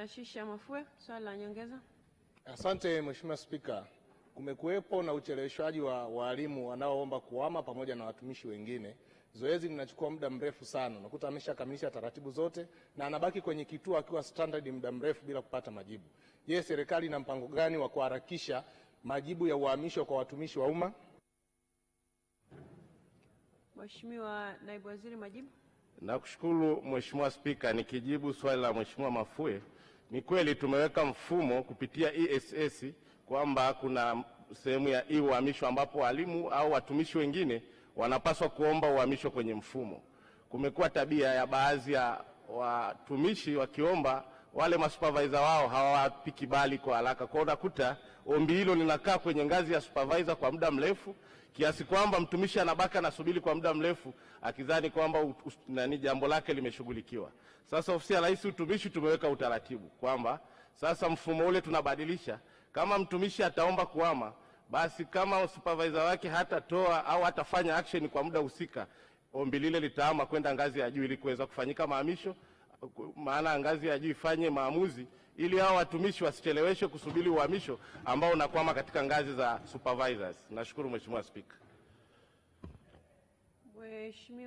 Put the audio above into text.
Tashisha Mafue, swali la nyongeza. Asante Mheshimiwa Spika, kumekuwepo na ucheleweshwaji wa walimu wanaoomba kuhama pamoja na watumishi wengine. Zoezi linachukua muda mrefu sana, unakuta ameshakamilisha taratibu zote na anabaki kwenye kituo akiwa standard muda mrefu bila kupata majibu. Je, serikali ina mpango gani wa kuharakisha majibu ya uhamisho kwa watumishi wa umma? Mheshimiwa Naibu Waziri, majibu. Nakushukuru Mheshimiwa Spika, nikijibu swali la Mheshimiwa Mafue ni kweli tumeweka mfumo kupitia ESS kwamba kuna sehemu ya e uhamisho ambapo walimu au watumishi wengine wanapaswa kuomba uhamisho kwenye mfumo. Kumekuwa tabia ya baadhi ya watumishi wakiomba wale masupervisor wao hawawapi kibali kwa haraka. Kwa unakuta ombi hilo linakaa kwenye ngazi ya supervisor kwa muda mrefu kiasi kwamba mtumishi anabaki anasubiri kwa muda mrefu akidhani kwamba nani jambo lake limeshughulikiwa. Sasa ofisi ya Rais Utumishi tumeweka utaratibu kwamba sasa mfumo ule tunabadilisha. Kama mtumishi ataomba kuama, basi kama supervisor wake hatatoa au hatafanya action kwa muda husika, ombi lile litaama kwenda ngazi ya juu ili kuweza kufanyika mahamisho maana ngazi ya juu ifanye maamuzi ili hao watumishi wasicheleweshwe kusubiri uhamisho ambao unakwama katika ngazi za supervisors. Nashukuru Mheshimiwa Spika. Mheshimiwa